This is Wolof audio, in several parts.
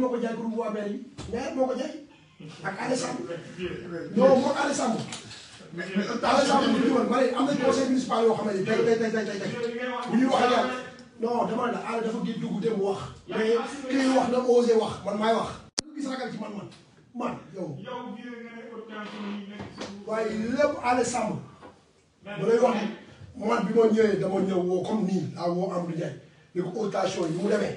moo ko jaay groupe waa Bell yi ñaar moo ko jaay ak Aliou Samb non moom yoo xam ne tey tey tey tey tey wax ak yàlla non dama wax mais kii wax na man maay wax. gis ragal ci man man man yow waaye lépp Aliou Samb bu wax man bi ma ñëwee dama ñëw woo comme nii laa woo Amadou Ndiaye ni ko rotation yi mu demee.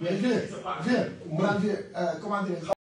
vieux vieux mu naan vieux comment dire